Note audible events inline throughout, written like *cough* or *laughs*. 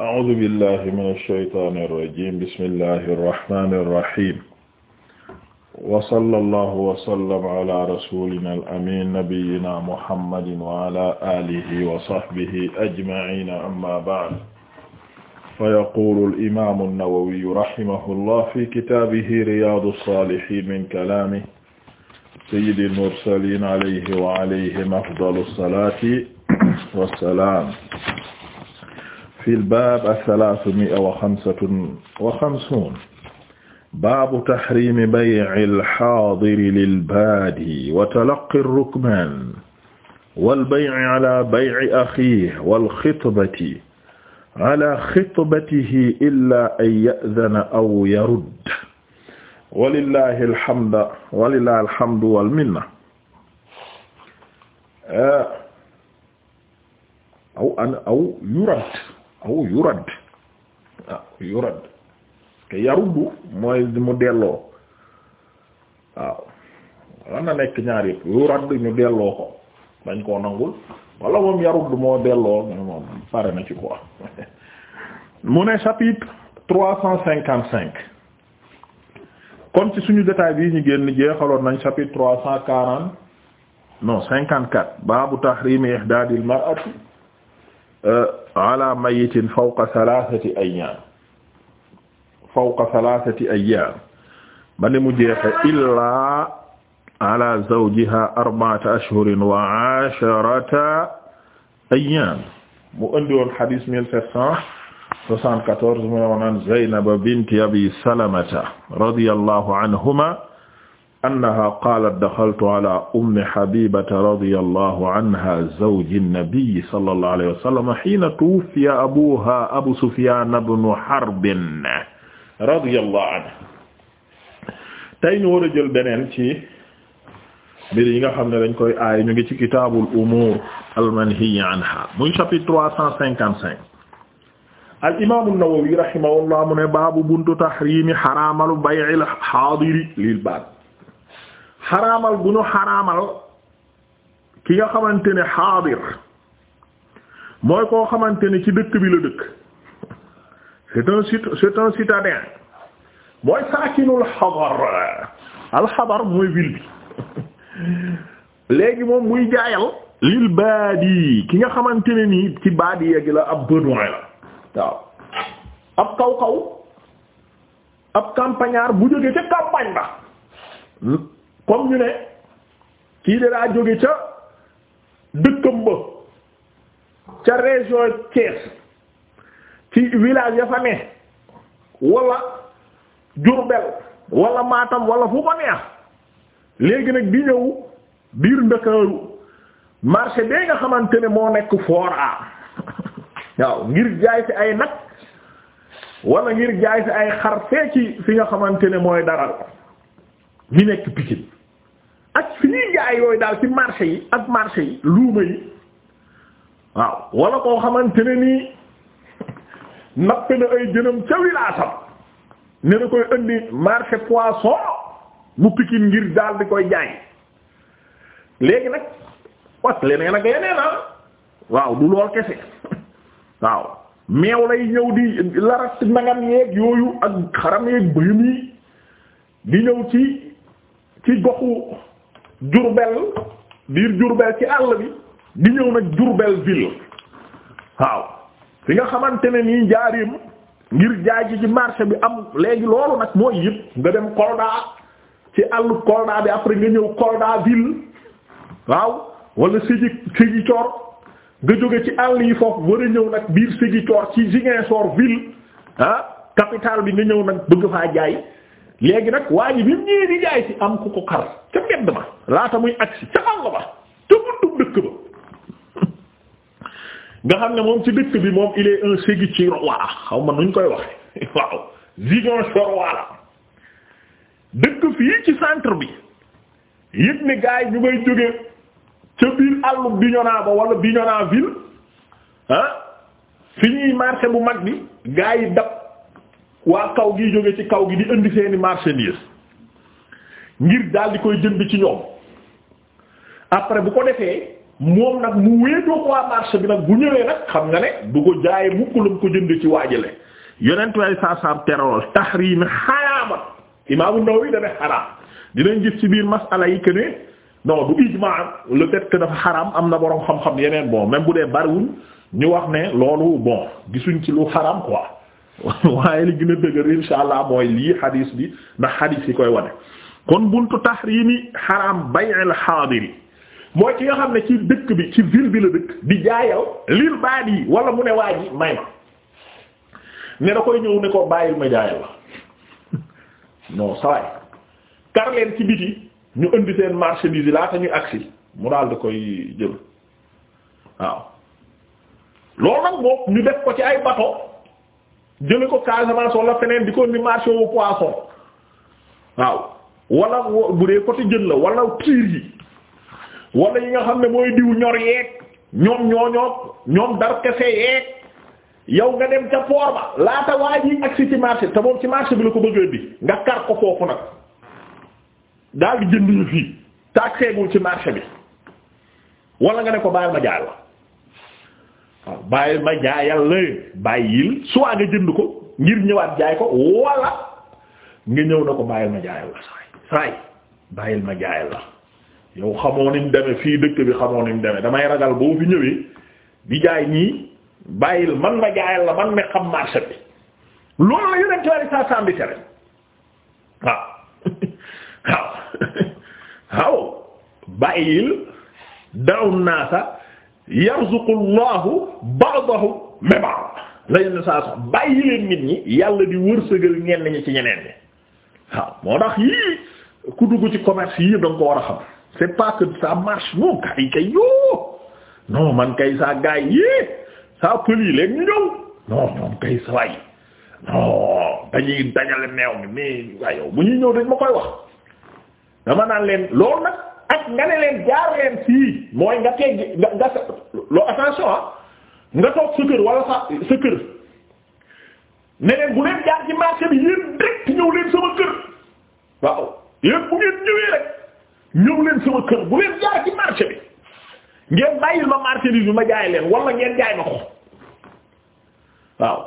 أعوذ بالله من الشيطان الرجيم بسم الله الرحمن الرحيم وصلى الله وسلم على رسولنا الأمين نبينا محمد وعلى آله وصحبه أجمعين أما بعد فيقول الإمام النووي رحمه الله في كتابه رياض الصالحين من كلام سيد المرسلين عليه وعليهم أفضل الصلاة والسلام fi lbab athalathumia wa xamsatun wa xamsuun baabu tahrimi bay'i lxaadiri lilbaadi wa talaqqi rukbaan walbay'i ala bay'i axiihi walxitbati ala xitbatihi illaa an ya'dana aw yarudd walillahi alhamdu walillahi alhamdu walminna aw an aw yurad aw yurad waaw ah. yurad te yaruddu mooy mu delloo waaw lan na nekk ñaar yëpp yurad ñu delloo ko dañ koo nangul wala moom yaruddu moo delloo moom ci quoi *laughs* mu ne chapitre trois cent cinquante cinq kon ci suñu détail bii ñu génn jeexaloon nañ chapitre trois cent quarante non cinquante quatre baabu tahrimi ihdaadil mar'ati Euh, ala mayitin fawqa thalathati ayyam fawqa thalathati ayyam ba ni mu jeexe illaa ala zawjiha arba'ata ashhurin wa 'asharata ayyam mu andi woon hadith 1774 mu woon Zaynab binti Abi Salamata radiyallahu anhuma annaha qaalat daxaltu ala ummi habibata radiyallahu anha zawji nabi sallallahu alayhi wa sallam hiina tuwuffiya abuha abu sufyan ibnu harbin radiyallahu anhu tey ñu war a jël beneen ci mbir yi nga xam ne dañ koy aay ñu ngi ci kitaabul umuur almanhiya anha muy chapitre trois cent cinquante cinq al imaamu nawawi rahimahullah mu ne baabu buntu tahrimi xaraamal bay'il haadiri lil baad xaraamal bu ñu xaraamal ki nga xamante ne xaadir mooy koo xamante ne ci dëkk bi la dëkk c'est un cit c'est un citadin mooy saakinul xadar alxadar mooy ville bi *laughs* léegi moom muy jaayal lil baadi ki nga xamante ne nii ci baadi gi la ab bédouin la waaw ab kaw kaw ab campagnard bu jógee ca campagne ba comme ñu ne kii de daa jóge ca dëkkam ba ca région Thiès ci village ya fa ne wala Diourbel wala maatam walla fu ko neex léegi nag di ñëw biir Ndakaaru marché bee nga xamante ne moo nekk foor a *laughs* waaw ngir jaay fi ay nag wala ngir jaay fi ay xar fee fi nga xamante ne mooy daral mi nekk Pikine jaay yooyu daal ci marché yi ak marché yi luuma yi waaw wala koo xamante ne nii *laughs* nappe na ay jënam ca ne na koy indi marché poisson bu Pikine ngir daal di koy jaay léegi nag wat leneen ak leneen ah waaw *laughs* yooyu ak xaram yeeg bëyam yi di ñëw ci ci goxu Jurbel biir Jurbel ci àll bi di ñëw nag Jurbel ville waaw fi nga xamante ne ni jaarim ngir jaay ci marché bi am léegi loolu nag mooy yëpp nga dem Kolda ci àllu Kolda bi après nga ñëw Kolda ville waaw wala Ségi Ségicoor nga jóge ci àll yi foofu war a ñëw nag biir Ségicoor ci Ziguinchor ville ah capitale bi nga ñëw nag bëgg faa jaay. léegi nag waa ji mu ñëwee di jaay ci am ku ko xar ca mbedd ma laata muy agsi ca àll ba te buntu dëkk ba nga xam ne moom ci dëkk bi moom il est un ségg ci roi xaw ma nuñ koy waxee *laughs* waaw Ziguinchor la dëkk fii ci centre bi yëg ne gars yi ñu ngay jóge ca biir àllu Bignona ba wala Bignona ville ah ñuy marché bu mag bi gars yi dab. waa kaw gi jóge ci kaw gi di indi seeni marchandise ngir daal di koy jënd ci ñoom après bu ko defee moom nag mu wéetoo ko waa marché bi nag bu ñëwee nag xam nga ne du ko jaayee mukk la mu ko jënd ci waajale yonent way saasaam terol tahrim xaraamat imaamu Nawawi dana xaraam dinañ gis ci biir masala yi que ne non du ijmaa le fait que dafa xaraam am na boroom xam-xam yeneen bon même bu dee bariwul ñu wax ne loolu bon gisuñ ci lu xaraam quoi *laughs* waaye li gën a dëgër insha allah mooy lii xadiis bi ndax xadiis yi koy wane kon buntu tahrimi xaraam bay'il xaadiri mooy ki nga xam ne ci dëkk bi ci ville bi la dëkk di jaayaw lil baadi wala mu ne waa may ma ne da koy ñëw ne ko bàyyil ma jaayal la *laughs* non sawaay kar leen ci biti ñu indi seen marchandise yi laata ñuy agsi mu daal di koy jël waaw loolu nag moom ñu def ko ci ay bato jële ko Casamance wala feneen di ko ni marché wu poisson waaw wala bu dee côté jën la wala piir yi wala yi nga xam ne mooy diw ñor yeeg ñoom ñooñoog ñoom dar kese yeeg yow nga dem ca port ba laata waa ji agsi ci marché te moom ci marché bi la ko bëggee di nga kar ko foofu nag daal di jënd ñu fii taag seegul ci marché bi wala nga ne ko baal ma la waaw bàyyi ma jaayal la bàyyil soit nga jënd ko ngir ñëwaat jaay ko wala nga ñëw na ko bàyyil ma jaayal la saay saay bàyyil ma jaayal la yow xamoo ni mu demee fii dëkk bi xamoo ni mu demee damay ragal boo fi ñëwee di jaay ñii bàyyil man ma jaayal la man ma xam marché bi loolu la yonent wari saa saa bi waaw *laughs* waaw *laughs* waaw bàyyil daw naa sa yarzuqu llahu ba'dahu min ba'd la saa sax bàyyi leen nit ñi yàlla di wërsëgal ñenn ñi ci ñeneen ñi waaw moo tax yii ku dugg ci commerce yii yëpp ko war a xam c'est pas que ça marche non gars kay yoo non man kay saa gars yi saa pël yi léegi ñu ñëw non ñoom kay saa yi non dañuy dajale meew mi mais bu ñuy ñëw dañ ma koy wax dama naan leen loolu nag. ak nga ne leen jaar leen fii mooy nga tegg nga nga loo attention ah nga toog sa kër wala sa sa kër ne leen bu leen jaar ci marché bi yéen direct ñëw leen sama kër bu leen jaar ci marché bi ngeen bàyyil ma marchandise bi ma jaay leen wala ngeen jaay ma ko waaw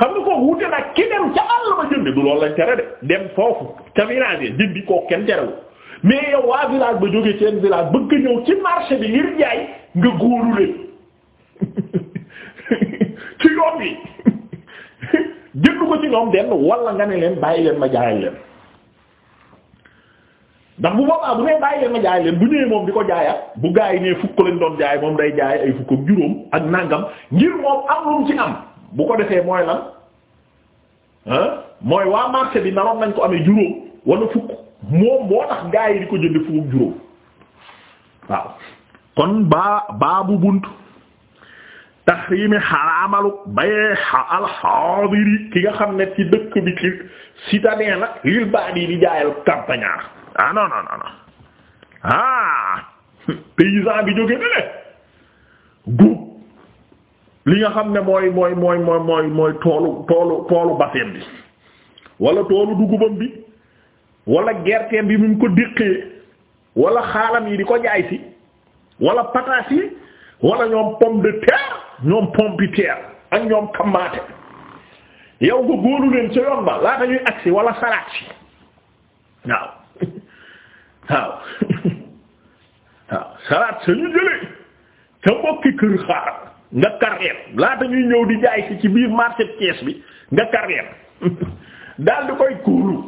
xam nga koo wute nag ki dem ca àll ba jëndi du loolu lañ tere de dem foofu ca village jëndi koo kenn terewul mais yow waa village ba jóge ceen village bëgg ñëw ci marché bi ngir jaay nga góorule *laughs* ci yoon bi *laughs* jënd ko ci ñoom denn wala nga ne leen bàyyi leen ma jaay leen ndax bu boobaa bu nee bàyyi leen ma jaay leen bu ñëwee moom di ko jaayaat bu gaa yi fukk lañ doon jaay moom day jaay ay fukk ak juróom ak nàngam ngir moom am lu ci am bu ko defee mooy lan mooy waa marché bi naroon nañ ko amee juróom wala fukk. moom moo tax gaa di ko jënd fukk juróom waaw kon baa baabu bunt taxriimi xaraamalu bayee alxaadiri ki nga xam ne ci dëkk bi ci citadin la lil baadi di jaayal campagnard ah non non ah. *laughs* paysan bi jóge ne le guub li nga xam ne mooy mooy mooy mooy mooy toolu toolu toolu basin bi wala toolu dugubam bi wala gerteem bi mu ko déqee walla xaalam yi di ko jaay si wala pataas yi wala ñoom pomme de terre ñoom pompiteer ak ñoom kamaate yow nga góolu leen sa laata ñuy agsi wala salaat si waaw *laughs* waaw *laughs* salaat sa ñu jëlee sa mbokki kër xaar nga karleen laata ñuy ñëw di jaay si ci biir marché Thiès bi nga karleen *laughs* daal di koy kóolu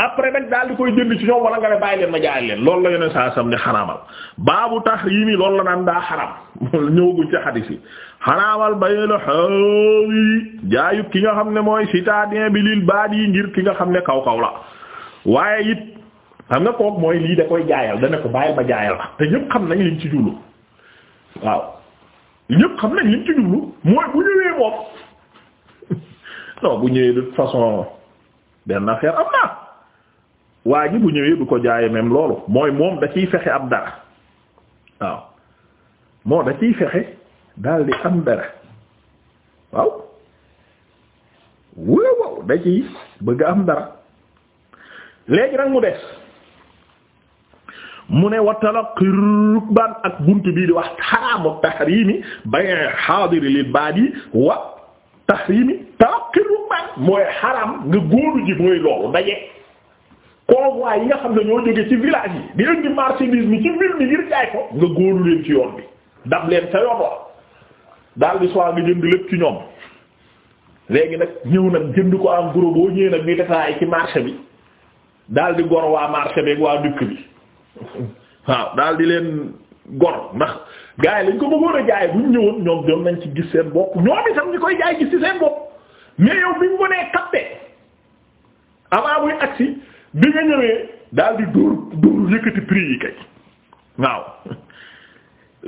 après nag daal di koy jënd ci ñoom wala nga ne bàyyi leen ma jaay leen loolu la yeneen saa sam ne xaraamal baabu tahriimi loolu la naan daa xaram *laughs* ñëwaguñ ci xadiis yi xaraamal bayal xaawi jaayut ki nga xam ne mooy citadin bi lii baad yi ngir ki nga xam ne kaw kaw la waaye it xam nga kook mooy lii da koy jaayal dana ko bàyyil ma jaayal la te ñëpp xam nañ liñ ci jullu waaw ñëpp xam nañ liñ ci jullu mooy bu ñëwee moom *laughs* non bu ñëwee de façon benn affaire waa jibu bu ñëwee du ko jaayee même loolu mooy moom da ciy fexe am dara waaw moo da ciy fexe daal di am dara waaw waaw waaw da ciy bëgg am dara léegi nag mu des mu ne watala xirukbaan ak bunt bii di wax xaraamu tahrimi bay xaadiri lil baadi wa tahrimi tala xirukbaan mooy xaraam nga góoru ji mooy loolu daje convois yi nga xam ne ñoo jóge ci village yi di indi marchandise mi ci ville mi ngir jaay ko nga góolu leen ci yoon bi dab leen sa yoon wa daal di nga jënd lépp ci ñoom léegi nag ñëw nag jënd ko am gros boo ñëwee nag ni détaillé ci marché bi daal di gor waa marché bi ak waa dëkk bi *laughs* waaw daal di leen gor ndax gars lañ ko bëggoon a jaay bu ñu ñëwoon ñoom doon nañ ci gis seen bopp ñoom itam ñi koy jaay gis ci seen bopp mais yow bi mu ko nee capté bi nga ñëwee daal di dóor dóor prix yi kay waaw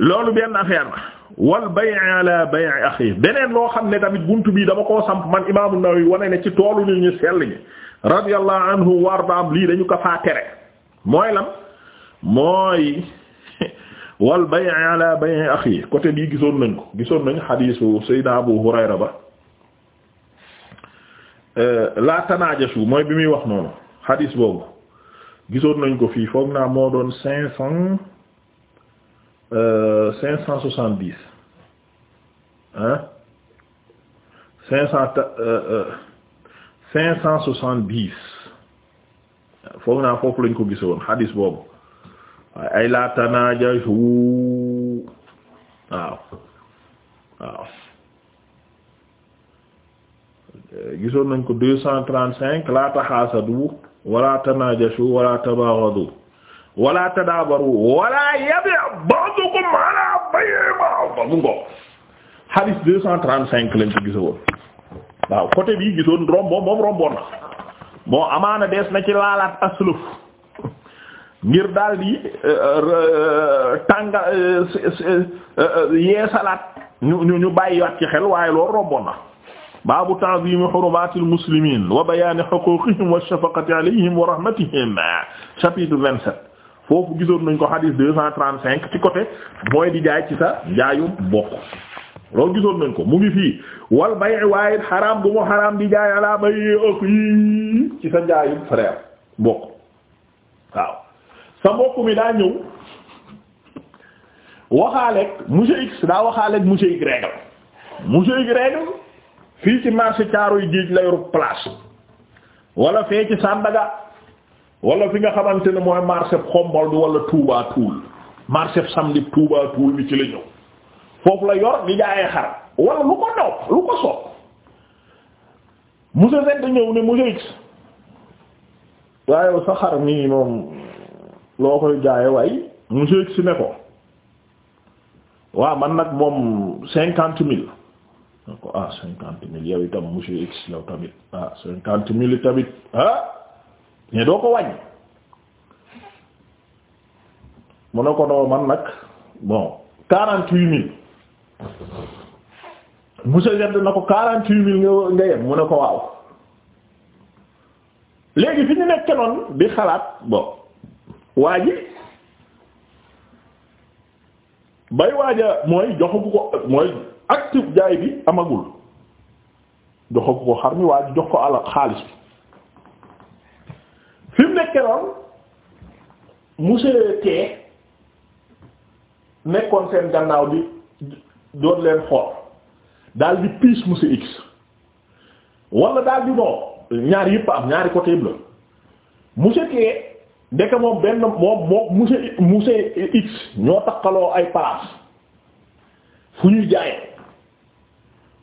loolu benn affaire na wal bay' ala bay' axi beneen loo xam ne tamit bunt bii dama koo samp man imaamu Nawawi wane ne ci toolu ni ñu sell ñi radiyallahu anhu wardaam lii dañu ko faa tere mooy lam mooy *laughs* wal bay' ala bay' axi côté bii gisoon nañ ko gisoon nañ xadiisu Seydina Abu Hurayra ba euh, la tanaajashu mooy bi muy wax noonu xadiis boobu gisoon nañ ko fii foog naa moo doon cinq cent euh, cinq cent soixante dix hein cinq cent euh, euh, foog naa foofu lañ ko gisoon xadiis boobu ay laa tanaajashu waaw waaw gisoon nañ ko deux cent trente cinq laa taxaasadu wala tanajashu wala tabaghadu wala tadabaru wala yabi ba'dukum ala bay'in ba mu ngo hadis deux cent trente-cinq lañ ko gisoon waaw côté bii gisoon romboon moom romboon na bon amaana dees na ci laalaat asluf ngir daal di euh, euh, tànga euh, yeesalaat ñu ñu ñu bàyyiwaat ci xel waaye loolu romboon na baabu ta'zimi hurumatil muslimin wa bayani huquqihim wa shafaqati alayhim wa rahmatihim chapitre 27 foofu gisoon nañ ko hadith 235 ci côté mooy di jaay ci sa jaayum bokk loolu gisoon nañ ko mu ngi fii wal bay waaye xaraam bu mu xaraam di jaay ala bay ak yi ci sa jaayum frère bokk waaw sa mbokk mi daa ñëw waxaaleeg monsieur X daa waxaaleeg monsieur Y règle monsieur Y règle fii ci marché caaroy géej la yor place wala fee ci Sandaga wala fi nga xamante ne mooy marché xombol bi wala Touba Toul marché samedi Touba Toul bi ci la ñëw foofu la yor di jaayee xar wala lu ko naw lu ko soob monsieur Z ñëw ne monsieur X waaye sa xar nii moom loo koy jaayee waaye monsieur X ne ko waaw man nag moom cinquante mille. ne ko ah cinquante mille yow itam tamit ah cinquante mille tamit ah mais doo ko wàññi mu ne ko doo man nag bon quarante-huit mille monsieur Z na ko quarante-huit mille nga nga yem mu ne ko waaw léegi fi ñu nekk noonu di xalaat bon waa ji bay waaja mooy joxu ko mooy actif jaay bi amagul jox ko ko xar mi waaye jox ko alal xaalis bi fi nekkee noonu monsieur T nekkoon seen gannaaw bi doon leen xool daal di piis monsieur X wala daal di non ñaar yëpp am ñaari côté yëpp la monsieur T ndeke moom benn moom moom monsieur X ñoo takkaloo ay palaas fu ñuy jaayee.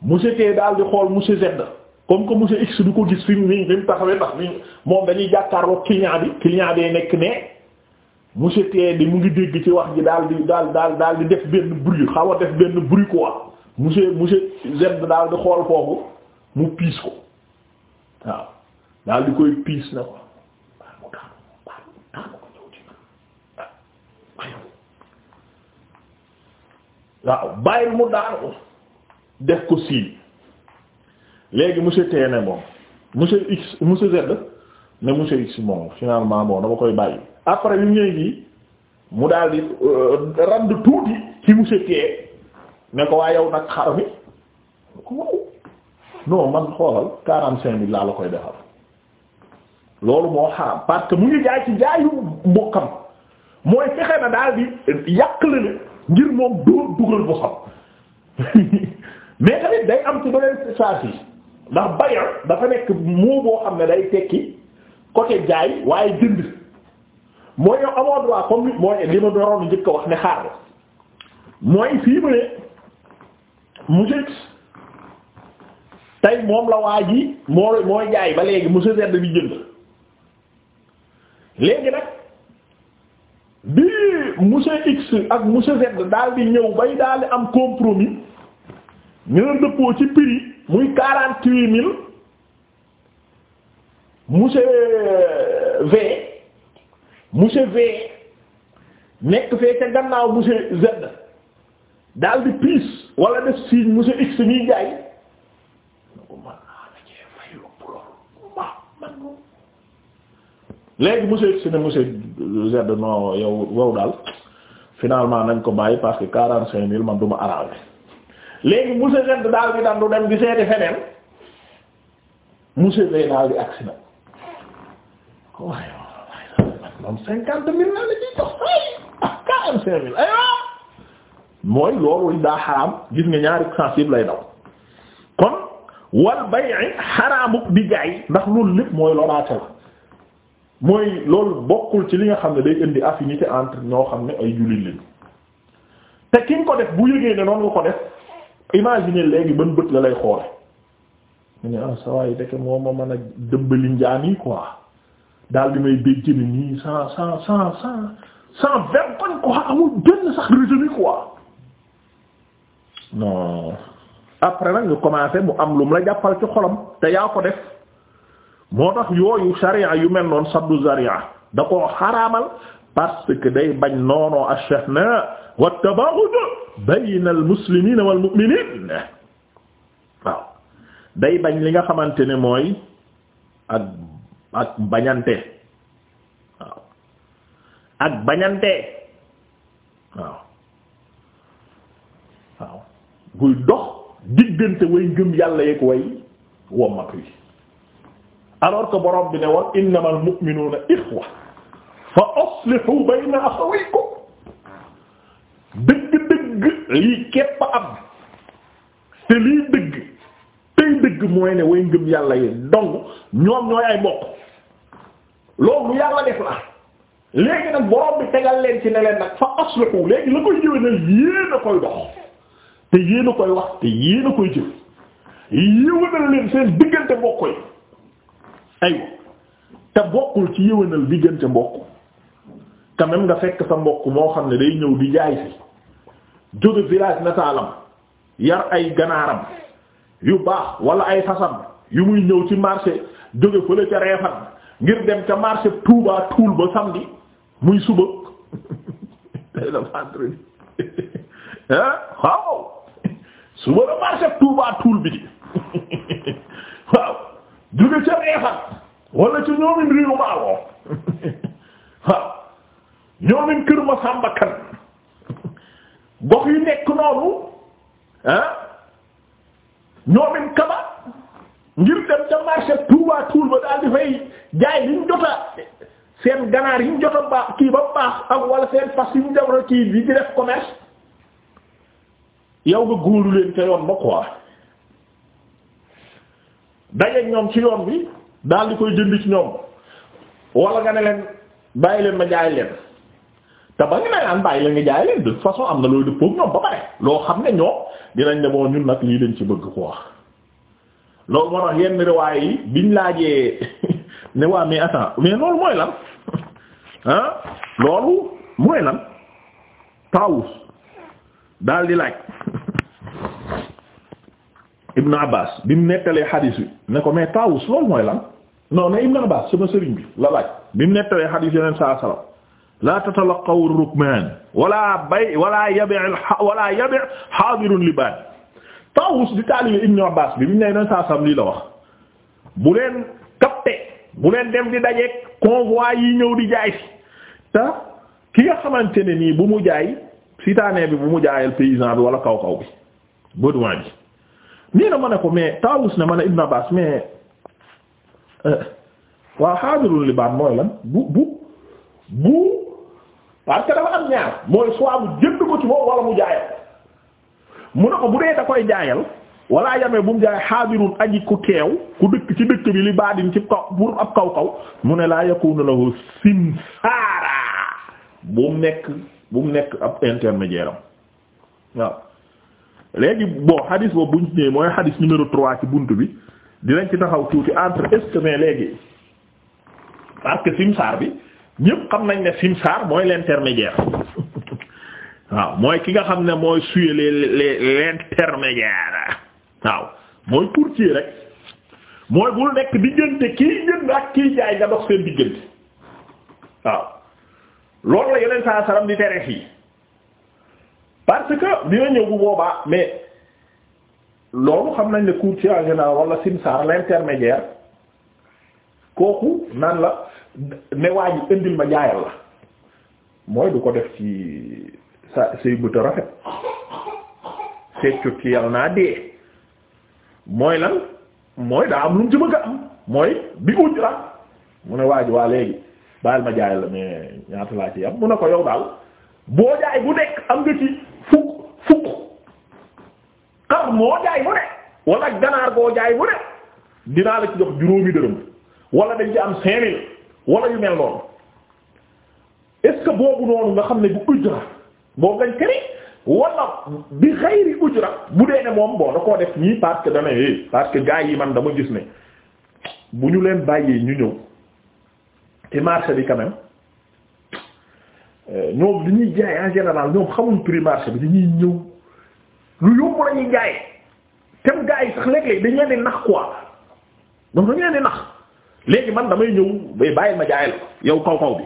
monsieur K daal di xool monsieur Z comme que monsieur X du ko gis fi mu ni fi mu taxawee ndax ni moom dañuy jàkkaarloog client bi client bee nekk ne monsieur T di mu ngi dégg ci wax ji daal di daal daal daal di def benn bruit xaw a def benn ko quoi monsieur monsieur Z daal di xool foofu mu piis ko waaw daal di koy piis na ko waaw bàyyil mu daanu ko def ko sii léegi monsieur T ne moom monsieur X monsieur Z ne monsieur X moom finalement moom dama koy bàyyi après yu ñëw gi mu daal di euh, rand tuuti ci monsieur T ne ko waa yow nag xar mi non man xoolal quarante cinq mille laa la koy defal loolu moo xaram parce que mu ngi jaay ci jaayu mbokkam mooy fexe na daal di yàq la ne ngir moom dóor dugal bu xam *laughs* mais tamit day am ci beneen saa si ndax bay' dafa nekk moo boo xam ne day tekki côté jaay waaye jënd mooy yow amoo droit comme mooy li ma doon njëkk a wax ne xaar la mooy fii mu ne monsieur tey moom la waa ji moo mooy jaay ba léegi monsieur Z bi jënd léegi nag bi monsieur X ak muse Z daal di ñëw bay daal di am compromis. ñu ne dëppoo ci prix muy quarante-huit mille monsieur V monsieur V nekk fee ca gannaaw monsieur Z daal di piis wala def signe monsieur X ñuy jaay léegi monsieur X ne monsieur Z non yow wow daal finalement nañ ko bàyyi parce que quarante-cinq mille man du ma léegi monsieur Zedd daal bi tam dem di seeti feneen monsieur Zedd daal bi agsi na waaye man cinquante mille naa la ciy jox ay ah, quarante-cinq mille mooy loolu daa xaraam gis nga ñaari sensible lay daw kon wal bay'i xaraamu di ndax loolu lépp mooy loraate la mooy loolu bokkul ci li nga xam ne day indi affinité entre ñoo xam ne ay jullit lañu te ki ko def bu yëgee ne noonu ko def imaginer léegi ban bët la lay xoole ah, moo ma mën a dëmbali njaan yi quoi daal di may béjjëni nii sans sans sans sans sans vergogne quoi amul benn sax retenu quoi non après nag nga commencé mu am lu mu la jàppal ci xolam te yaa ko def moo tax yooyu sharia yu mel noonu saddu zaria da koo xaraamal parce que day bañ noonoo ashahna wa tabaghud bayna al muslimiina wal waaw day bañ li nga xamante ne mooy ak ak bañante waaw ak bañante waaw waaw guy dox diggante way ngëm yàlla yeeg way wommat wi alors que borom bi ne woon innamal mu'minuuna ixwa fa aslihu bayna axawaykum dëgg lii képp am te lii dëgg tey dëgg mooy ne way ngëm yàlla yi dong ñoom ñooy ay mbokk loolu yàlla def la léegi nag borom tegal leen ci ne leen nag fa aslihu léegi la koy jëwe ne yéen koy dox te yéen a koy wax te yéen a koy jëf yéwénal leen seen diggante mbokk yi aywa te bokkul ci yéwénal diggante mbokk quand même nga fekk sa mbokk moo xam ne day ñëw di jaay si jóge village nataalam yar ay ganaaram yu baax wala ay fasam yu muy ñëw ci marché jóge fële ca reefan ngir dem ca marché Touba Toul ba samedi muy suba *laughs* tey la vendredi ah *laughs* waaw suba la marché *laughs* kër gox yu nekk noonu ah ñoomin kaba ngir dem ca marché Touba Toul ba di fay jaay liñ jota seen ganaar yiñ jota baax kii ba baax ak wala seen fas yiñ jawra kii bi di def commerce yow nga góolu ca yoon ba quoi dajeek ñoom ci yoon bi daal di koy jënd ci ñoom wala nga ne leen bàyyi leen ma jaay leen te ba nga naan bàyyi la nga jaay leen de façon am na looy dëppook ñoom ba pare loo xam ne ñoom dinañ ne bon ñun nag lii lañ ci bëgg ko wax loolu moo biñ laajee *laughs* ne mais loolu mooy lan *laughs* ah loolu mooy lan Taawus daal di laaj *laughs* Ibn Abbas bi mu nettalee xadiis bi ne ko mais Taawus loolu mooy lan non ne Ibn Abbas sama sëriñ bi la laaj bi mu nettalee xadiis yeneen saa salaam. la tatalaqaw rukman wala bay walaa yabi wala yabi hadirun li baad Tawus di taalibe Ibn Abbas bi biñ ne na saa lii la wax bu leen capter bu leen dem di dajeeg convoi yi ñëw di jaay si te ki nga xamante ne nii bu mu jaay citadin bi bu mu jaayal paysan bi wala kaw-kaw bi bédouin bi nii na ma ko mais Tawus ne ma ne Ibn Abbas euh, waaw hadirun li baad mooy lan bu bu bu parce que dafa am ñaar mooy soit jënd ko ci moom wala mu jaayal mu ne ko bu dee da koy jaayal wala yamee bu mu jaay xaadirun aji ku teew ku dëkk ci dëkk bi li baadin ci kaw pour ab mu ne laa bu mu nekk bu mu nekk ab intermédiaire am waaw léegi bon xadis boobu buñ ci mooy xadis numéro trois ci bunt bi dinañ ci taxaw tuuti entre est mais léegi parce que simsaar bi ñëpp xam nañ ne simsaar mooy l'intermédiaire *laughs* waaw mooy ki nga xam ne mooy suye les les l'intermédiaire waaw mooy courtier rek mooy bul nekk diggante kii jënd ak kii jaay nga dox seen diggante waaw loolu la yeneen saa saram di tere fii parce que dina ñëw bu boobaa mais loolu xam nañ ne courtier en général wala simsaar l'intermédiaire kooku nan la ne waa indil ma jaayal la mooy du ko def ci sa say bëta rafet seccut ci yal naa dee mooy lan mooy daa am lu mu ci bëgg a am mooy bi ujra mu ne waa ji waa léegi baal ma jaayal la mais ñaata laa mu ne ko yow daal boo jaay bu nekk am nga ci fukk fukk xar moo jaay bu nekk wala ganaar boo jaay bu nekk dinaa la ci jox juróomi dërëm wala dañ am cinq wala yu mel noonu est-ce que boobu noonu nga xam ne bu ujra boobu lañ këri bi xayri ujra bu dee ne moom bon da koo def ñii parce que dana é parce que yi man dama gis ne bu ñu leen bàyyee ñu ñëw te marché bi quand même euh, ñoom li ñuy jaay en général ñoom xamuñ prix bi dañuy ñëw lu yomb lañuy jaay tem gars yi sax léeg-léeg dañ leen di nax quoi donc dañ leen di nax léegi man damay ñëw bay bàyyi ma jaay la yow kaw kaw bi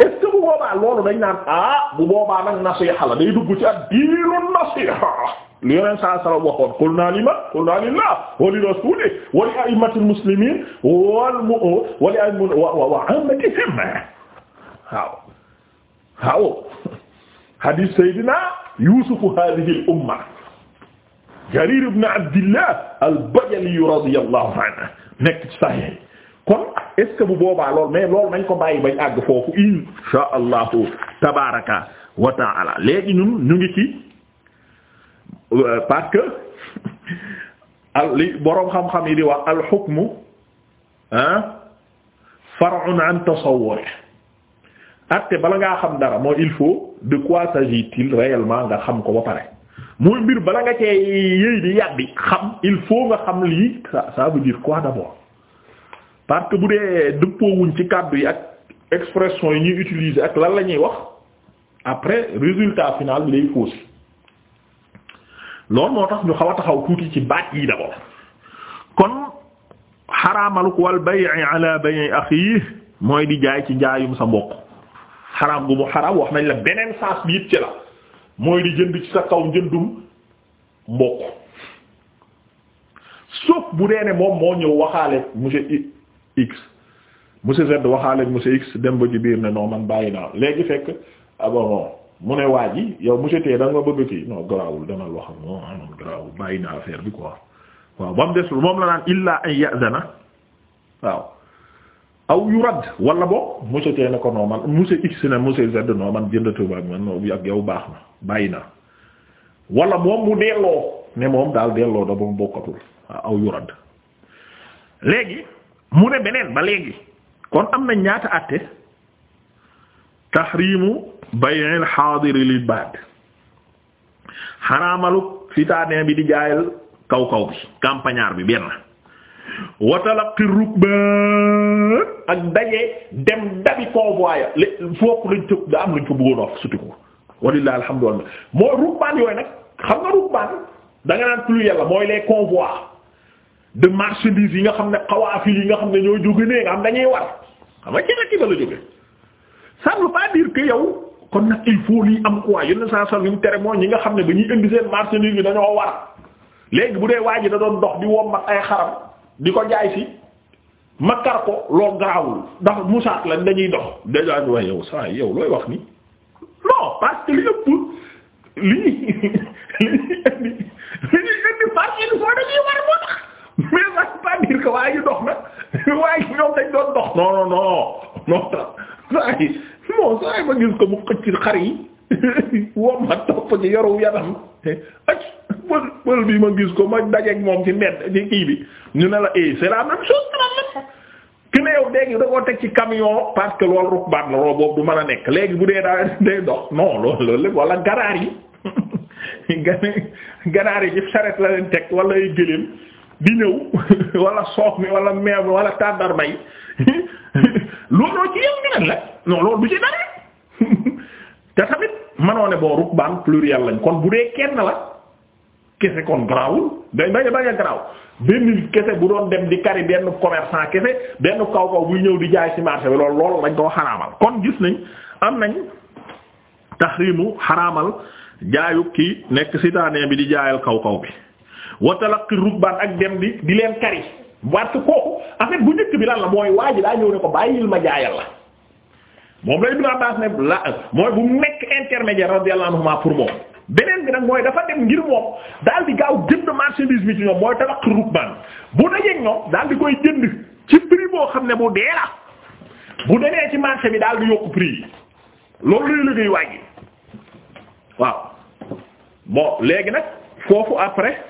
est ce que bu boobaa loolu dañ naan ah bu boobaa nag nasiha la day dugg ci ak diinu nasiha li yoneen saa sala waxoon qul naa li man qul naa lillah wa li rasuli wa li a'immatil muslimin wal mu wa li a'immatil wa ammatihim waaw waaw hadith sayyidina yusuf hadhihi al umma jarir ibn abdillah al bajali radiyallahu anhu nekk ci sahih kon est bu boobaa lool mais loolu nañ ko bàyyi bañ àgg foofu insha allahu tabaraka wa léegi ñun ñu ngi ci parce que *laughs* al li boroom xam-xam yi di wax al hukmu ah far'un an tasawwur atte bala ngaa xam dara mooy il faut de quoi s'agit-il réellement nga xam ko ba pare mooy mbir bala nga cee yëy di yàbbi xam il faut nga xam lii ça ça veut dire quoi d'abord parce que bu dee dëppoowuñ ci kàddu yi ak expression yi ñuy utiliser ak lan la ñuy wax après résultat final bi day fausse loolu moo tax ñu xaw a taxaw tuuti ci baat yi d'abord kon xaramalu ko bay'i ala bay'i mooy di jaay ci jaayum sa mbokk xaram gu mu xaram wax nañ la beneen sens bi it ci la mooy di jënd ci sa kaw njëndum mbokk sauf bu dee ne moom moo ñëw waxaale monsieur x monsieur Z waxaale ak monsieur x dem ba ci biir ne non man bàyyi naa léegi fekk abon ah mu ne waa ji yow monsieur T da nga ma bëgg kii non garaawul demal wax moom ah non bàyyi naa affaire bi quoi waaw ba mu des moom la naan illaa an ya'zana waaw aw yu radd wala bo monsieur T ne ko non man monsieur x ne man jëndatu ak ak yow baax na bàyyi naa wala moom mu delloo ne moom daal delloo da ba mu bokkatul waaw aw yu léegi. mu ne beneen ba léegi kon am na ñaata àtte tahrimu bay'il xaadiri lil baad xaraamalu citadin bi di jaayal kaw kaw bi campagnard bi benn wa talaqi rukbaan ak daje dem dabi convoi ya foofu lañ tëb da am lañ fa bëggoon wax suti ko walillahi alhamdu walla mooy rukbaan yooyu nag xam nga rukbaan danga naan plus yàlla mooy les convois de marchandises yi nga xam ne xawaafil yi nga xam ne ñoo jóge nee nga xam dañuy war a nga jëna ki ba la jóge ça ne veut pas yow kon nag il faut lii am quoi yenn saa sal yumu tere mooy ñi nga xam ne ba ñuy indi seen marchandise bi dañoo war léegi bu dee waa ji da doon dox di wommat ay xaram di ko jaay si makkar ko loo gaawul ndax musaat lañ dañuy dox déjà ñu wax yow saa yow looy wax ni non parce li ëpp li *laughs* li indi marchandise dañuy war moo mais ça veut pas dire que waa ji dox na waaye ñoom dañ doon dox non non non non saa yi non saa yi ma gis ko mu xëcc xar yi wom ma topp ci yoru yaram ac pël pël bi ma gis ko ma dajeek moom ci mbedd ci kii bi ñu ne la eh c'est la même chose la même ki ne yow léegi da koo teg ci camion parce que loolu rukbaat la loolu boobu du mën a nekk léegi bu dee daa *laughs* day dox non loolu loolu lépp wala *laughs* ganaar yi ganaar yi ci charrette la leen teg wala ay gëléem di ñëw *laughs* walla soof mi wala meew mi wala tàndar bay *laughs* looloo ci yow nga ne la non loolu du ci dara *laughs* te tamit manoo boo rukbaan pluriel lañ kon bu dee kenn la kese kon garaawul day bañ a bañ a garaaw benn kese bu doon dem di kari benn commerçant kese benn kaw kaw buy ñëw di jaay ci marché bi lool loolu lañ koo xaraamal kon gis nañ am nañ taxriimu xaraamal jaayu ki nekk si citadin bi di jaayal kaw kaw bi wa talaqqi rukbaan ak dem bi di leen kari parce que kooku en bu njëkk bi lan la mooy waa ji daa ñëw ne ko bàyyil ma jaayal la moom la Ibn Abbas ne la mooy bu nekk intermédiaire radiyallahu anhuma pour moom beneen bi nag mooy dafa dem ngir moom daal di gaaw jënd marchandise bi ci ñoom mooy talaqqi rukbaan bu dajeeg ñoom daal di koy jënd ci prix boo xam ne bu dee la bu demee ci marché bi daal di yokk prix yi loolu lay liggéey waa ji waaw bon léegi nag foofu après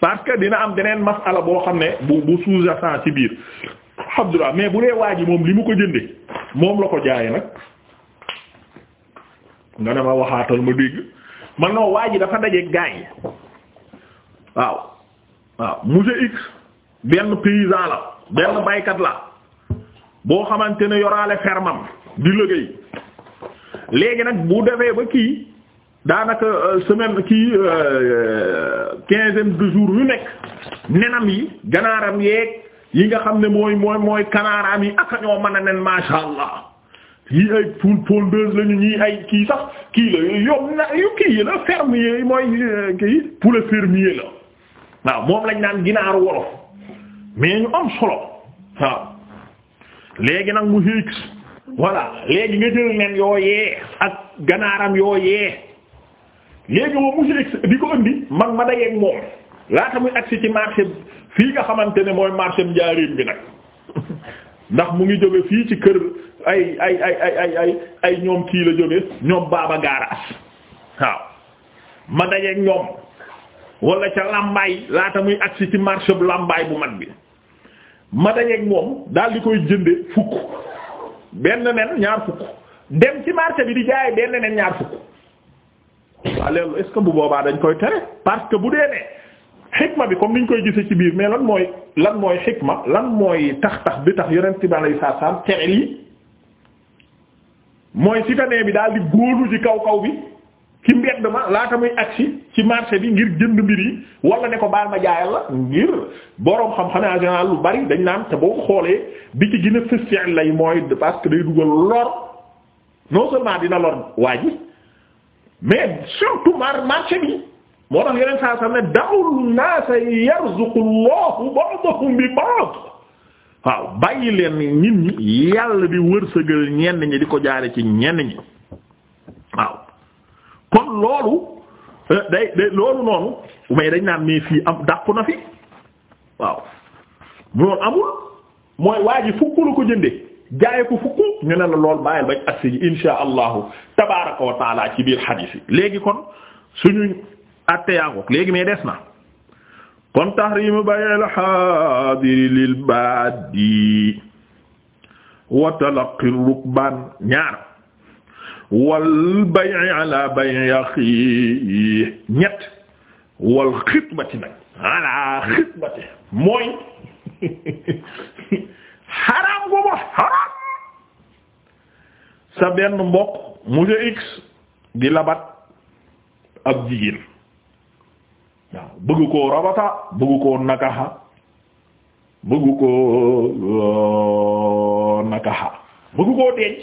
parce que dina am beneen ala boo xam ne bu bu sous-jacent ci biir alhamdulilah mais bu dee waa ji moom li mu ko jënde moom la ko jaaye nag nga ne ma waxaatal ma dégg man noo waa ji dafa dajeeg gaa yi waaw waaw monsieur X benn paysan la benn baykat la boo xamante ne yoraale fermam di liggéey léegi nag bu defee ba kii daanaka euh, semaine kii euh, quinzième de jour yu nekk nenam yi ganaaram yeeg yi nga xam ne mooy mooy mooy kanaaraam yi ak ñoo mën a nen masha Allah yi ay poule pondeuse lañu ñii ay kii sax kii la yoom na yu kii la fermier yi mooy euh, kii poulet fermier la waaw moom lañ naan ginaaru wolof mais ñu am solo waaw léegi nag mu higgs voilà léegi nga jël nen yooyee ak ganaaram yooyee léegi moom monsieur di ko indi man ma dajeeg moom laata muy agsi ci marché fii nga xamante ne mooy marché njaarim bi nag ndax mu ngi jóge fii ci kër ay ay ay ay ay ñoom kii la jóge ñoom baaba gaaraas waaw ma dajeeg ñoom wala ca làmbaay laata muy agsi ci marché bu làmbaay bu mag bi ma dajeeg moom daal di koy jënde fukk benn nen ñaar fukk dem ci marché bi di jaay benn nen ñaar fukk waaw léegi bu boobaa dañ koy tere parce que bu dee ne bi comme niñ koy gisee ci biir mais lan mooy lan mooy xikma lan mooy tax tax bi tax yonent bi alayhi salaam tere lii mooy citadin bi daal di góolu ci kaw kaw bi ci mbedd ma ci marché bi ngir jënd mbir yi wala ne ko baal ma jaayal la ngir boroom xam-xam en général lu bari dañ naan te boo ko xoolee bi ci gën a fës lay mooy parce day dugal lor non seulement dina lor waa ji mais surtout mar marché bi moo tax yeneen saa sax ne da'ul naasa yarzuqu Allahu ba'dahum bi ba'd waaw bàyyi leen nit ñi yàlla di wërsëgal ñenn ñi di ko jaare ci ñenn ñi waaw kon loolu eh, day day loolu noonu mais dañ naan mais fii am dàqu na fi waaw loolu amul mooy waa ji fukk la ko jëndee. jaaye ko fukk ñu ne la lool bàyyil bañ agsi ji insha allahu tabaaraka wa taala ci biir xadiis léegi kon suñu àtte yaagook léegi mais des na kon tahrimu bay'il haadiri lil baadi wa talaqi rukbaan ñaar wal bay'i ala bay'i axi ñett wal xitbati nag ala xitbati mooy *laughs* xaraam gu xaraam sa benn mbokk monsieur x di labat ab jigéen waaw bëgg koo rabata bëgg ko nakaxa bëgg ko euh, nakaxa bëgg koo denc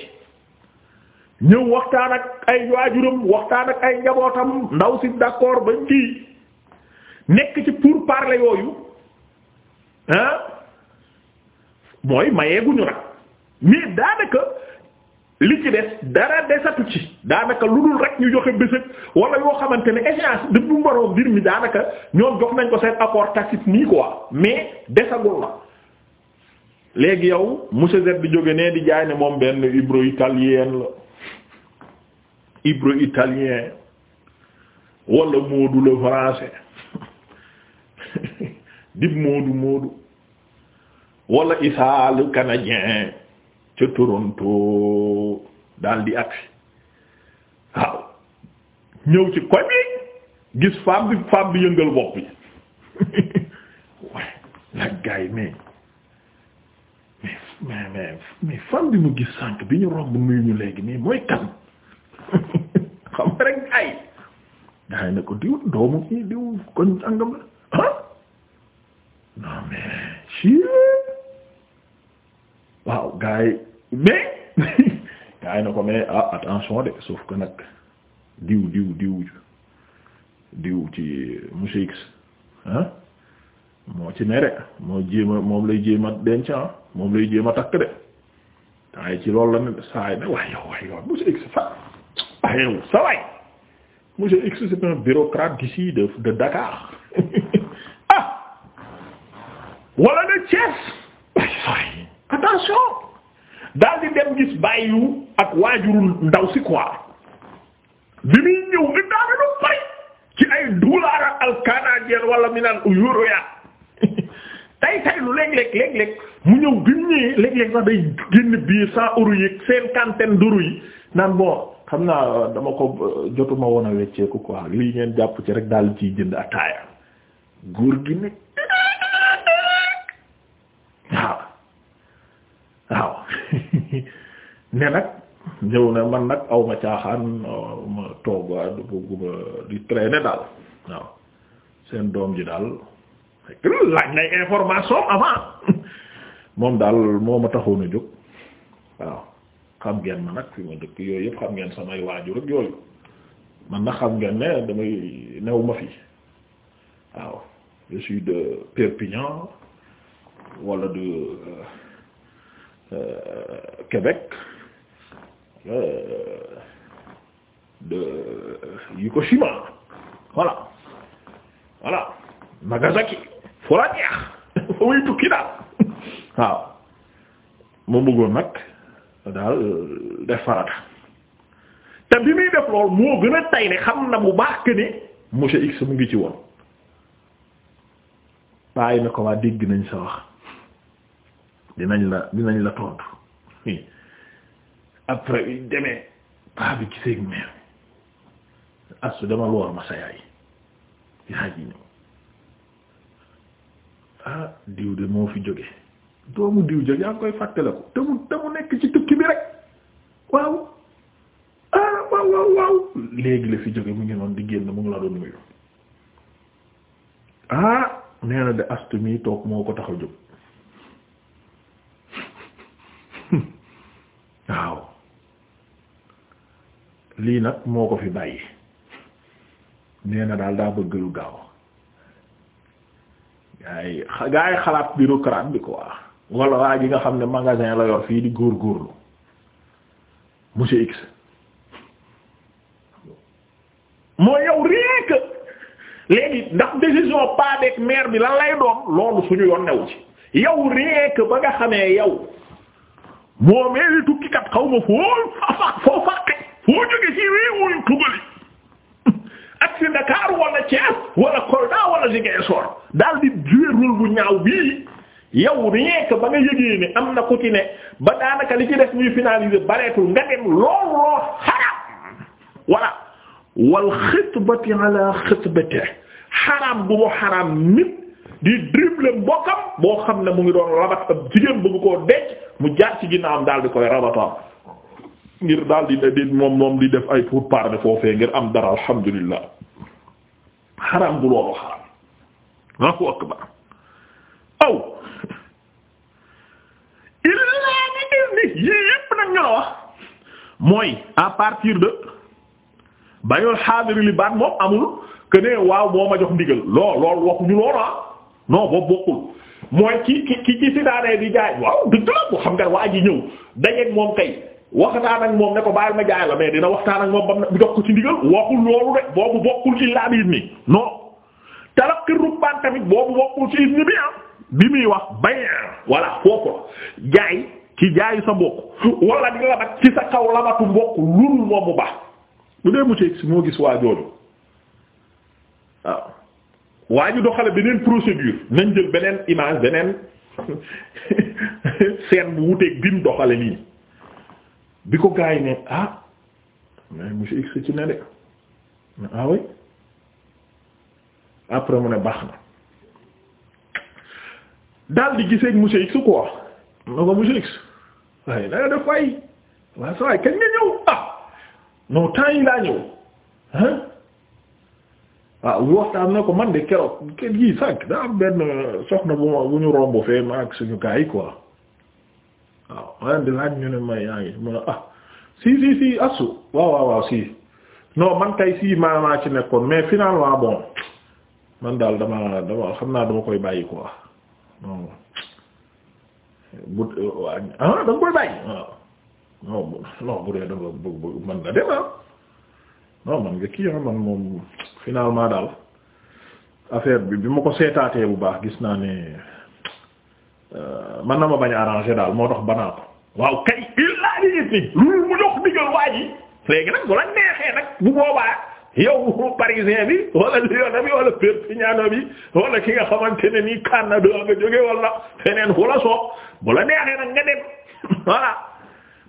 ñëw waxtaan ak ay waajuram waxtaan ak ay njabootam ndaw si d'accord ba kii nekk ci pourparlers yooyu hein mooy mayeeguñu nag mais daanaka li ci des dara desatu ci daanaka lu dul rek ñu joxe bés wala yoo xamante ne échéance de bu mbaroo mbir mi daanaka ñoom jox nañ ko seen apport tacite nii quoi mais desagul na. léegi yow monsieur Z di jóge nee di jaay ne moom benn ibro italien la ibro italien wala moodu le français *laughs* dib moodu moodu. wala Issa le canadien ca Toronto daal di waaw ñëw ci koñ bi gis femme bi femme bi yëngal bopp bi nag *laughs* gars yi mais mais mais mais bi mu gis sànq bi ñu romb nuyu ñu léegi mais mooy kan *laughs* xam nga ay gars yi ko diw doomu kii diw koñ sàngam la ah. kaay mais kaay *laughs* na ko mais ah attention de sauf que nag diw diw diw diw ci monsieur X moo ci nere moo jéema moom lay jéema denc ah moom lay jéema takk de waaye ci loolu la ne saay na waay yow waay yow monsieur X sa waay monsieur X de de Dakar *laughs* ah wala de Thiès attention daal di dem gis bàyyiwu ak waajurul ndaw si quoi bi muy ñëw indaale lu bari ci ay dollars ak al canadien wala mi naan euro *laughs* lu léeg-léeg léeg mu ñëw bi mu ñëwee léeg sax day génn biir cent euros yeeg cinquantaine d'euros yi naan bon xam naa euh, dama ko euh, jotuma woon a wecceeku quoi lii ngeen jàpp ci rek daal ciy jënd ataaya góor gi nekk *laughs* waaw waaw ne nag ñëw na man nag aw ma caaxaan ma toog du bëgguma di traîner daal waaw seen doom ji daal laaj nay information avant *laughs* moom daal moo ma taxoon jóg waaw xam ngeen ma nag fi ma dëkk yooyu yëpp xam ngeen samay waajur ak yooyu man na xam ngeen ne damay new ma fi waaw je de Perpignan wala de. Euh, Euh, Québec euh, de Fukushima voilà voilà Nagasaki foo la neex foo muy tukki daal waaw mu bëggoon nag daal euh, def farata te bi muy def lool moo gën a tay ne xam na bu baax que ne monsieur X mu ngi ci woon bàyyi na ko waa dégg nañ sa wax dinañ la dinañ la tontu après bi demee paa bi ci seeg mère astu dama loor ma sa yaay yaay ji ñëw ah diw de moo fi jóge doomu diw jóge yaa ngi koy fàttale ko te mu te mu nekk ci tukki bi rek waaw ah waaw waaw waaw léegi la fi jóge mu ngi noonu di génn mu ngi la doon nuyu ah nee na de astu mi toog moo ko tax a jóg waaw lii nag moo ko fi bàyyi nee na daal daa bëgg lu gaaw ay gaa yi xalaat bureaucrate bi quoi wala waa ji nga xam ne magasin la yor fii di góorgóorlu monsieur X moo yow rek léegi ndax décision pas avec maire bi lan lay doon loolu suñu yoon newu ci yow rek ba nga xamee yow. moo meeli tukkikat xaw ma foo fa foo fàqe foo jóge ci réewuñu *laughs* ak si Dakar wala Thiès wala Kolda wala daal di jouer bu ñaaw bii yow rien que ba am na ku ci ba daanaka li ci def ñuy finaliser bareetul nga dem lool lool xaraam voilà wal xitbati ala xitbati xaraam bu mu xaraam nit di dribble mbokkam boo xam ne mu ngi doon rabat ab jigéen bëgg koo denc mu jaar ci ginnaawam daal di koy rabatoon ngir daal di di moom moom di def ay pour parler foofee ngir am dara alhamdulillah xaram bu yépp nag nga wax mooy à partir de bayul xaadiri li baat moom amul que waaw moo ma jox ndigal lool lool waxuñu loolu ah non boobu bokkul mooy ki ki ki ci sidaaree di jaay waaw dëgg la moo xam nga waa ji ñëw dajeeg moom kay waxtaan moom ne ko baal ma jaay la mais dina waxtaan ak moom ba mu jox ko ci ndigal waxul loolu rek boobu bokkul ci laa bi ni non taraki rubbaan tamit boobu bokkul ci ni bi am ah bi muy wax bay voilà foofu jaay ci jaayu sa mbokk wala di labat ci sa kaw labatu mbokk lurul moom mu baax bu dee mu ci moo gis waa waa ñu doxale beneen procédure nañ jël beneen image beneen *laughs* scène bu wuteeg bi mu doxale nii bi ko gars ne ah mais monsieur X ci ne de ah oui après mu ne baax na daal di gisee ak monsieur X quoi na ko monsieur X waaye na def waay waaw sa waay kañ nga ñëw ah non yi laa ñëw waaw bu waxtaan na ko man de keroog kër gi daa am benn soxna bu ma ñu romb fee ma ak suñu gars yi quoi waaw man de laaj ñu ne ma yaa ngi ma ah si si si asu waaw waaw waaw man kay si maanaa ci nekkoon mais finalement bon man daal dama dama xam naa dama koy bàyyi ko ah da nga koy bàyyi waaw non non bu da nga non man nga kii ah, man moom finalement daal affaire bi bi ma ko seetaatee bu baax gis naa ne euh, man na ma bañ a arrangé daal moo tax banaa ko waaw kay illaa di gis ni lu mu jox digal waa ji léegi nag bu la neexee nag bu boobaa yow parisien bi wala Lyon bi wala Perpignan bi wala ki nga xamante ne nii Canada nga jóge wala feneen fu la soob bu la neexee nag nga dem *laughs* voilà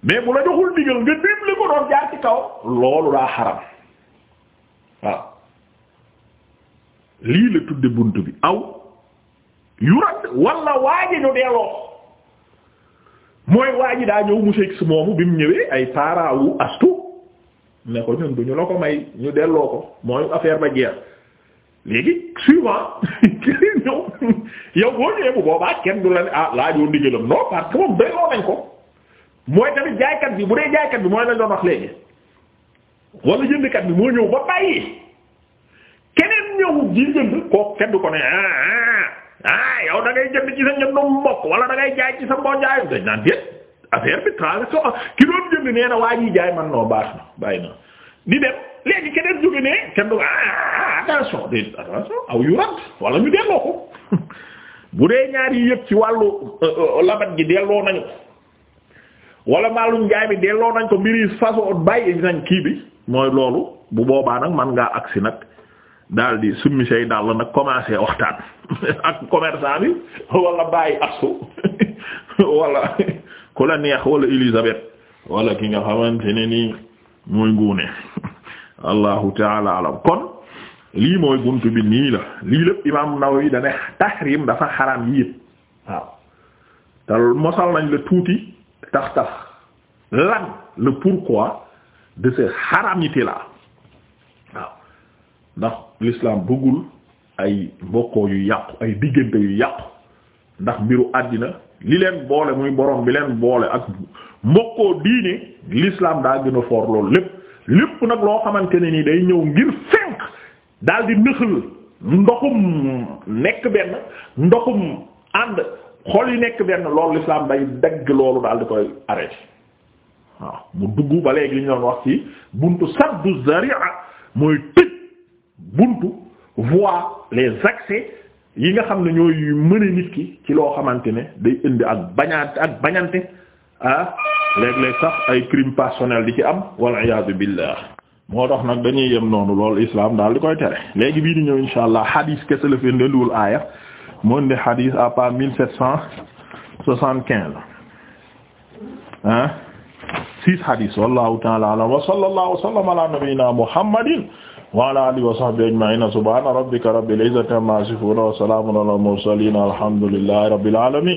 mais bu la joxul digal nga dem li ko doon jaar ci kaw loolu daa waaw lii la tudde bunt bi aw yurat wala waaji ñu delloo mooy waaji daa ñëw monsieur X moomu bi mu ñëwee ay parents wu astu ne ko ñun du ñu la may ñu delloo ko mooy affaire ba jeex léegi suivant *laughs* yow boo ñëwee bu kenn du la ne ah laajoo ndigalam non parce que moom delloo nañ ko mooy tamit jaaykat bi bu dee mooy lañ doon wax léegi wala jëndkat bi moo ñëw ba bàyyi keneen ñëw ji jënd koo kenn ko ne ah, ah ah yow da ngay jënd ci sa njëndum mbokk wala da ngay jaay ci sa mboo jaayam dañ naan déet affaire bi transaction ki doon jënd nee na waa jaay man noo baax na bàyyi na di dem léegi keneen jóge ne kenn du ah, ah, ah attention déet attention aw yu rant wala ñu delloo ko *laughs* bu dee ñaar yi ci wàllu euh, euh, labat gi delloo nañu wala maalum jaay mi delloo nañ ko mbiri façon bàyyi nañ kii bi mooy loolu bu boobaa nag man ngaa agsi nag dal di summi say dàll nag commencé waxtaan *laughs* ak commerçant bi wala bàyyi asu *laughs* wala ku la neex wala Elisabeth wala ki nga xamante ne nii mooy nguune *laughs* allahu taala alam kon lii mooy buntu bi nii la lii lépp imaam Nawawi da ne tahrim dafa xaram yépp waaw te mosal nañ la tuuti tax tax lan le pourquoi de ces xaramiti la waaw ndax l'islam bëggul ay mbokkoo yu yàqu ay diggante yu yàqu ndax mbiru àddina li leen boole muy borom bi leen boole ak mbokkoo diine lislaam daa gën a foor loolu lépp lépp nag loo xamante ne ni day ñëw ngir fenk daal di nëxal ndoxum nekk benn ndoxum ànd xol yi nekk benn lool l'islam day dagg loolu daal di koy arrêté waaw mu dugg ba léegi li doon wax ci buntu saddu zari'a mooy tëj buntu voie les accès yi nga xam ne ñooy mëne nit ki ci loo xamante ne day indi ak bañaante ak bañante ah léeg-léeg sax ay crime passionnel di ci am wal iyaadu billah moo tax nag dañuy yem noonu loolu islam daal di koy tere léegi bii di ñëw insha allah hadis kese la fi ndenduwul aaya moo indi hadis à part mille sept cent soixante quinze ah six hadis wallahu ta'ala a'lam wa sallallahu wa sallama ala nabiyyina muhammadin wa ala alihi wa sahbihi ajma'ina subhana rabbika rabbil izzati amma yasifun wa salamun ala mursalin alhamdulillahi rabbil alamin